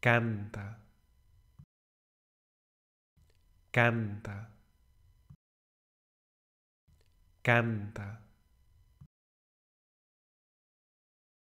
canta, canta, canta.